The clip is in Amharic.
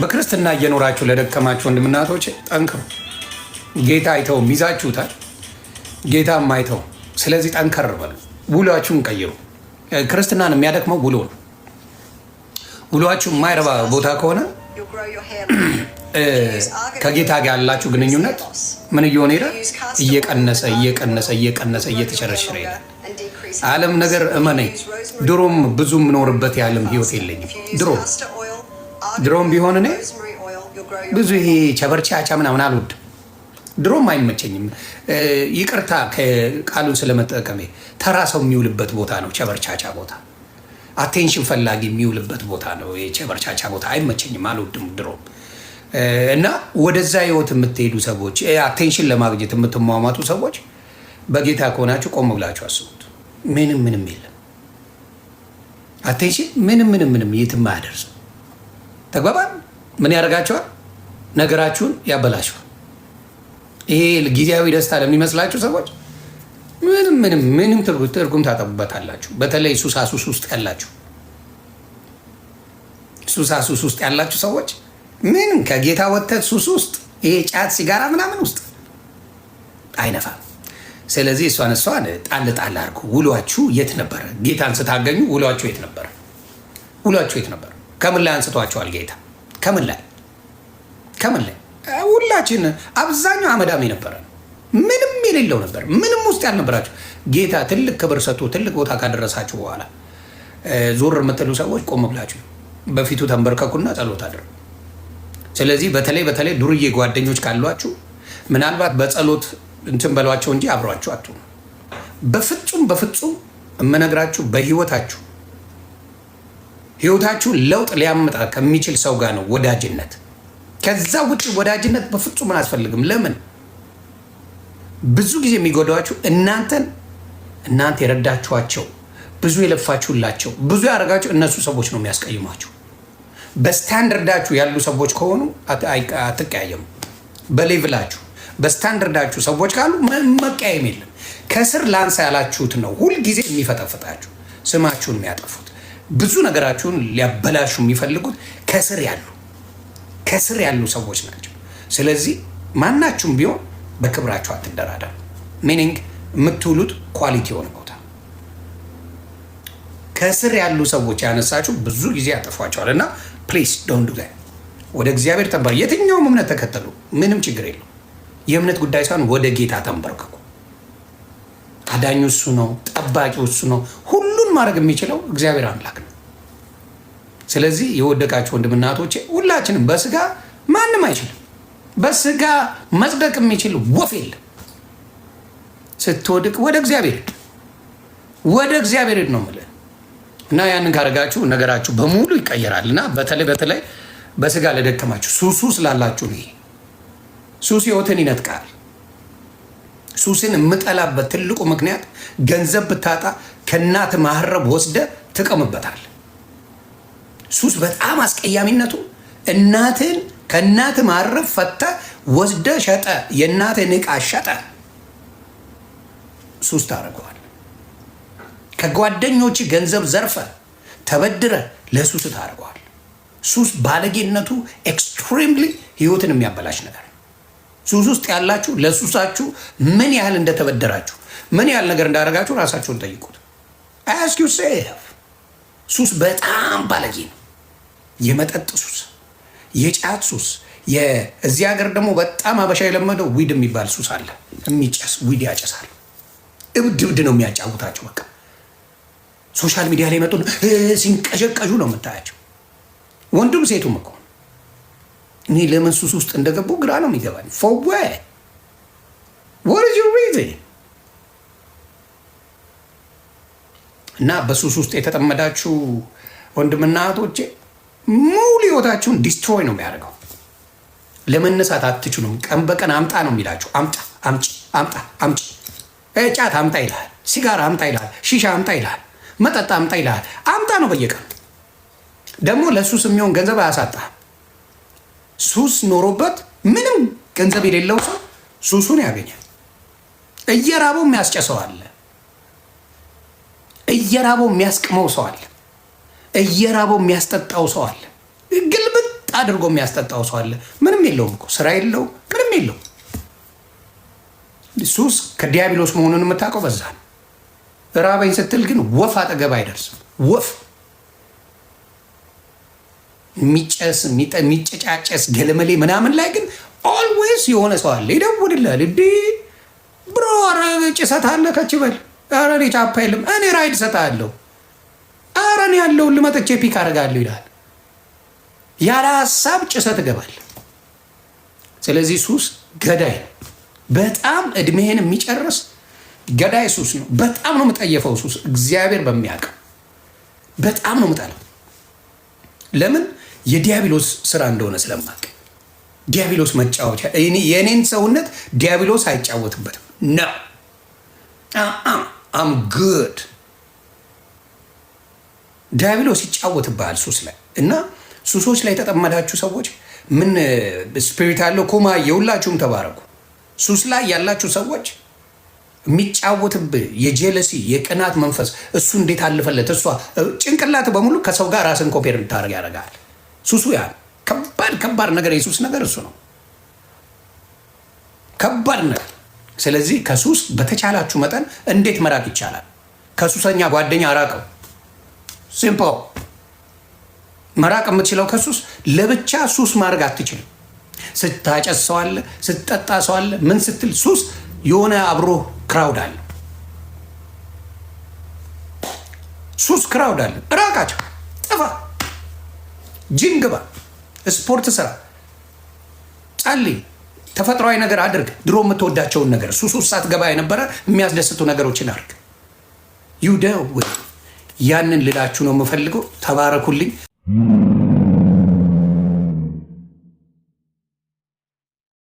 በክርስትና እየኖራችሁ ለደከማችሁ ወንድምናቶች ጠንክሩ። ጌታ አይተው ይዛችሁታል። ጌታም አይተው ስለዚህ ጠንከር በሉ፣ ውሏችሁን ቀይሩ። ክርስትናን የሚያደክመው ውሎ ነው። ውሏችሁ የማይረባ ቦታ ከሆነ ከጌታ ጋር ያላችሁ ግንኙነት ምን እየሆነ ይላል? እየቀነሰ እየቀነሰ እየቀነሰ እየተሸረሸረ ይላል። ዓለም ነገር እመነኝ፣ ድሮም ብዙ የምኖርበት የዓለም ህይወት የለኝም ድሮ ድሮም ቢሆን እኔ ብዙ ይሄ ቸበርቻቻ ምናምን አልወድም። ድሮም አይመቸኝም። ይቅርታ ከቃሉን ስለመጠቀሜ ተራ ሰው የሚውልበት ቦታ ነው ቸበርቻቻ ቦታ፣ አቴንሽን ፈላጊ የሚውልበት ቦታ ነው የቸበርቻቻ ቦታ። አይመቸኝም፣ አልወድም ድሮም እና ወደዛ ህይወት የምትሄዱ ሰዎች አቴንሽን ለማግኘት የምትሟሟጡ ሰዎች በጌታ ከሆናችሁ ቆም ብላችሁ አስቡት። ምንም ምንም የለም አቴንሽን ምንም ምንም ምንም የትም አያደርሰው ተግባባን። ምን ያደርጋቸዋል? ነገራችሁን ያበላችኋል። ይሄ ጊዜያዊ ደስታ ለሚመስላችሁ ሰዎች ምንም ምንም ምንም ትርጉም ታጠቡበታላችሁ። በተለይ ሱሳሱስ ውስጥ ያላችሁ ሱሳሱስ ውስጥ ያላችሁ ሰዎች ምን ከጌታ ወተት ሱስ ውስጥ ይሄ ጫት፣ ሲጋራ ምናምን ውስጥ አይነፋም። ስለዚህ እሷን እሷን ጣል ጣል አድርጉ። ውሏችሁ የት ነበረ? ጌታን ስታገኙ ውሏችሁ የት ነበረ? ውሏችሁ የት ነበረ? ከምን ላይ አንስቷቸዋል ጌታ? ከምን ላይ ከምን ላይ? ሁላችን አብዛኛው አመዳሚ ነበረ፣ ምንም የሌለው ነበር፣ ምንም ውስጥ ያልነበራቸው ጌታ ትልቅ ክብር ሰጥቶ ትልቅ ቦታ ካደረሳችሁ በኋላ ዞር የምትሉ ሰዎች ቆም ብላችሁ በፊቱ ተንበርከኩና ጸሎት አድርጉ። ስለዚህ በተለይ በተለይ ዱርዬ ጓደኞች ካሏችሁ ምናልባት በጸሎት እንትን በሏቸው እንጂ አብሯችሁ አቱ በፍጹም በፍጹም የምነግራችሁ በህይወታችሁ ህይወታችሁ ለውጥ ሊያመጣ ከሚችል ሰው ጋር ነው ወዳጅነት። ከዛ ውጭ ወዳጅነት በፍጹም አያስፈልግም። ለምን ብዙ ጊዜ የሚጎዳችሁ እናንተን እናንተ የረዳችኋቸው ብዙ የለፋችሁላቸው ብዙ ያደረጋቸው እነሱ ሰዎች ነው የሚያስቀይሟቸው። በስታንደርዳችሁ ያሉ ሰዎች ከሆኑ አትቀያየሙ። በሌቭላችሁ በስታንደርዳችሁ ሰዎች ካሉ መቀያየም የለም። ከስር ላንሳ ያላችሁት ነው ሁልጊዜ የሚፈጠፍጣችሁ ስማችሁን የሚያጠፉት። ብዙ ነገራችሁን ሊያበላሹ የሚፈልጉት ከስር ያሉ ከስር ያሉ ሰዎች ናቸው። ስለዚህ ማናችሁም ቢሆን በክብራችሁ አትደራደሩ። ሚኒንግ የምትውሉት ኳሊቲ የሆነ ቦታ ከስር ያሉ ሰዎች ያነሳችሁ ብዙ ጊዜ ያጠፏቸዋል እና ፕሊስ ዶንዱ ጋ ወደ እግዚአብሔር ተንበር የትኛውም እምነት ተከተሉ፣ ምንም ችግር የለው። የእምነት ጉዳይ ሳይሆን ወደ ጌታ ተንበርከኩ። አዳኙ እሱ ነው፣ ጠባቂው እሱ ነው። ሁሉን ማድረግ የሚችለው እግዚአብሔር አምላክ ስለዚህ የወደቃችሁ ወንድምናቶቼ ሁላችንም በስጋ ማንም አይችልም። በስጋ መጽደቅ የሚችል ወፍ የለ። ስትወድቅ ወደ እግዚአብሔር ሂድ፣ ወደ እግዚአብሔር ሂድ ነው የምልህ እና ያንን ካደረጋችሁ ነገራችሁ በሙሉ ይቀየራል። እና በተለይ በተለይ በስጋ ለደከማችሁ ሱሱ ስላላችሁ ነው። ይሄ ሱስ ህይወትን ይነጥቃል። ሱስን የምጠላበት ትልቁ ምክንያት ገንዘብ ብታጣ ከእናት ማህረብ ወስደ ትቀምበታል። ሱስ በጣም አስቀያሚነቱ እናትን ከእናት ማረፍ ፈተ ወስደ ሸጠ፣ የእናትን እቃ ሸጠ፣ ሱስ ታደርገዋል። ከጓደኞች ገንዘብ ዘርፈ ተበድረ ለሱስ ታደርገዋል። ሱስ ባለጌነቱ ኤክስትሪምሊ ህይወትን የሚያበላሽ ነገር። ሱስ ውስጥ ያላችሁ ለሱሳችሁ ምን ያህል እንደተበደራችሁ ምን ያህል ነገር እንዳደረጋችሁ ራሳችሁን ጠይቁት። ሴፍ ሱስ በጣም ባለጌ ነው። የመጠጥ ሱስ፣ የጫት ሱስ እዚህ ሀገር ደግሞ በጣም አበሻ የለመደው ዊድ የሚባል ሱስ አለ። የሚጨስ ዊድ ያጨሳል። እብድ እብድ ነው የሚያጫውታቸው። በቃ ሶሻል ሚዲያ ላይ መጡ ሲንቀሸቀሹ ነው የምታያቸው። ወንዱም ሴቱም እኮ እኔ ለምን ሱስ ውስጥ እንደገቡ ግራ ነው የሚገባኝ። ፎወ እና በሱስ ውስጥ የተጠመዳችሁ ወንድምና እህቶቼ ሙሉ ህይወታችሁን ዲስትሮይ ነው የሚያደርገው። ለመነሳት አትችሉም። ቀን በቀን አምጣ ነው የሚላችሁ። አምጣ አምጪ፣ አምጣ አምጪ። ጫት አምጣ ይልሃል፣ ሲጋራ አምጣ ይልሃል፣ ሺሻ አምጣ ይልሃል፣ መጠጥ አምጣ ይልሃል። አምጣ ነው በየቀኑ። ደግሞ ለሱስ የሚሆን ገንዘብ አያሳጣ። ሱስ ኖሮበት ምንም ገንዘብ የሌለው ሰው ሱሱን ያገኛል። እየራበው የሚያስጨሰው አለ። እየራበው የሚያስቅመው ሰው አለ። እየራበው የሚያስጠጣው ሰው አለ። ግልብጥ አድርጎ የሚያስጠጣው ሰው አለ። ምንም የለውም እኮ ስራ የለው ምንም የለው። ሱስ ከዲያብሎስ መሆኑን የምታውቀው በዛ ነው። ራበኝ ስትል ግን ወፍ አጠገብ አይደርስም። ወፍ የሚጨስ የሚጨጫጨስ ገለመሌ ምናምን ላይ ግን ኦልዌይስ የሆነ ሰው አለ። ይደውልልሃል። እንዲ ብሮ ጭሰት አለ ከችበል ረ ጫፓ የለም እኔ ራይድ ሰጣለሁ እኔ ያለውን ልመጥቼ ፒክ አደርጋለሁ ይላል። ያለ ሀሳብ ጭሰት እገባል። ስለዚህ ሱስ ገዳይ በጣም እድሜህን የሚጨርስ ገዳይ ሱስ ነው። በጣም ነው የምጠየፈው ሱስ እግዚአብሔር በሚያውቀው በጣም ነው ምጣለው። ለምን የዲያብሎስ ስራ እንደሆነ ስለማቅ ዲያብሎስ መጫወቻ የእኔን ሰውነት ዲያብሎስ አይጫወትበትም ነው አም ግድ ዲያብሎስ ይጫወትብሃል ሱስ ላይ እና ሱሶች ላይ የተጠመዳችሁ ሰዎች ምን ስፒሪት አለው ኮማ የሁላችሁም ተባረኩ። ሱስ ላይ ያላችሁ ሰዎች የሚጫወትብህ የጀለሲ የቅናት መንፈስ እሱ እንዴት አልፈለት እሷ ጭንቅላት በሙሉ ከሰው ጋር ራስን ኮፔር እንድታደርግ ያደርጋል። ሱሱ ያ ከባድ ከባድ ነገር የሱስ ነገር እሱ ነው ከባድ ነገር። ስለዚህ ከሱስ በተቻላችሁ መጠን እንዴት መራቅ ይቻላል? ከሱሰኛ ጓደኛ አራቀው። ሲምፕል። መራቅ የምትችለው ከሱስ ለብቻ ሱስ ማድረግ አትችልም። ስታጨስ ሰው አለ፣ ስትጠጣ ሰው አለ፣ ምን ስትል ሱስ የሆነ አብሮ ክራውድ አለ። ሱስ ክራውድ አለ። ራቃቸው፣ ጥፋ፣ ጅንግባ፣ ግባ፣ ስፖርት ስራ፣ ጸልይ፣ ተፈጥሯዊ ነገር አድርግ። ድሮ የምትወዳቸውን ነገር ሱስ ውስጥ ሳትገባ የነበረ የሚያስደስቱ ነገሮችን አድርግ። ዩደ ያንን ልላችሁ ነው የምፈልገው። ተባረኩልኝ።